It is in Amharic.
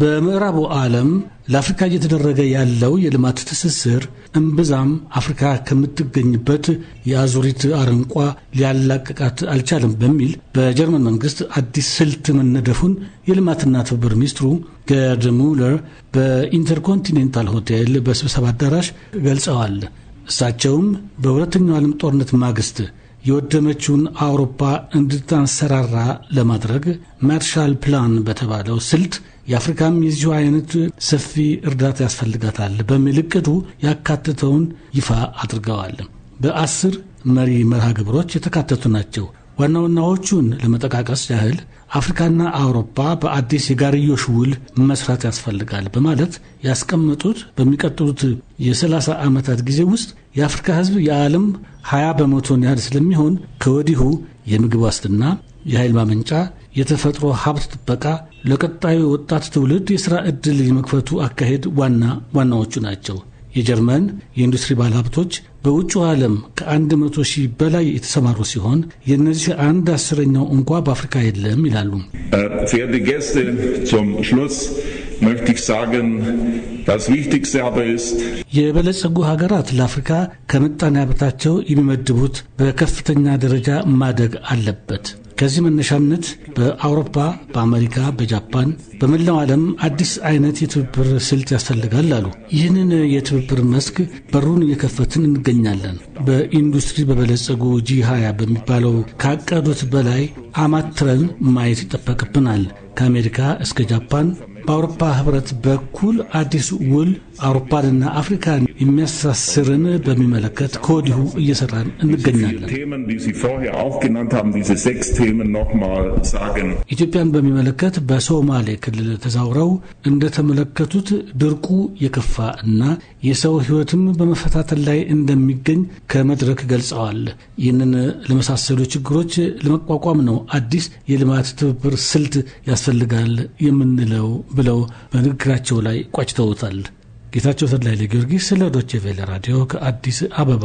በምዕራቡ ዓለም ለአፍሪካ እየተደረገ ያለው የልማት ትስስር እምብዛም አፍሪካ ከምትገኝበት የአዙሪት አረንቋ ሊያላቅቃት አልቻለም በሚል በጀርመን መንግስት አዲስ ስልት መነደፉን የልማትና ትብብር ሚኒስትሩ ገርድ ሙለር በኢንተርኮንቲኔንታል ሆቴል በስብሰባ አዳራሽ ገልጸዋል። እሳቸውም በሁለተኛው ዓለም ጦርነት ማግስት የወደመችውን አውሮፓ እንድታንሰራራ ለማድረግ ማርሻል ፕላን በተባለው ስልት የአፍሪካም የዚሁ አይነት ሰፊ እርዳታ ያስፈልጋታል በሚል እቅዱ ያካተተውን ይፋ አድርገዋል። በአስር መሪ መርሃ ግብሮች የተካተቱ ናቸው። ዋና ዋናዎቹን ለመጠቃቀስ ያህል አፍሪካና አውሮፓ በአዲስ የጋርዮሽ ውል መስራት ያስፈልጋል በማለት ያስቀመጡት በሚቀጥሉት የ30 ዓመታት ጊዜ ውስጥ የአፍሪካ ሕዝብ የዓለም 20 በመቶን ያህል ስለሚሆን ከወዲሁ የምግብ ዋስትና፣ የኃይል ማመንጫ፣ የተፈጥሮ ሀብት ጥበቃ፣ ለቀጣዩ ወጣት ትውልድ የሥራ ዕድል የመክፈቱ አካሄድ ዋና ዋናዎቹ ናቸው። የጀርመን የኢንዱስትሪ ባለሀብቶች በውጭው ዓለም ከአንድ መቶ ሺህ በላይ የተሰማሩ ሲሆን የእነዚህ አንድ አስረኛው እንኳ በአፍሪካ የለም ይላሉ። äh, የበለጸጉ ሀገራት ለአፍሪካ ከምጣኔ ሀብታቸው የሚመድቡት በከፍተኛ ደረጃ ማደግ አለበት። ከዚህ መነሻነት በአውሮፓ፣ በአሜሪካ፣ በጃፓን፣ በመላው ዓለም አዲስ አይነት የትብብር ስልት ያስፈልጋል አሉ። ይህንን የትብብር መስክ በሩን እየከፈትን እንገኛለን። በኢንዱስትሪ በበለጸጉ ጂ 20 በሚባለው ካቀዱት በላይ አማትረን ማየት ይጠበቅብናል። ከአሜሪካ እስከ ጃፓን በአውሮፓ ህብረት በኩል አዲስ ውል አውሮፓንና አፍሪካን የሚያሳስርን በሚመለከት ከወዲሁ እየሰራን እንገኛለን። ኢትዮጵያን በሚመለከት በሶማሌ ክልል ተዛውረው እንደተመለከቱት ድርቁ የከፋ እና የሰው ህይወትም በመፈታተል ላይ እንደሚገኝ ከመድረክ ገልጸዋል። ይህንን ለመሳሰሉ ችግሮች ለመቋቋም ነው አዲስ የልማት ትብብር ስልት ያስፈልጋል የምንለው ብለው በንግግራቸው ላይ ቋጭተውታል። ጌታቸው ተድላ ኃይለ ጊዮርጊስ ለዶቼ ቬለ ራዲዮ ከአዲስ አበባ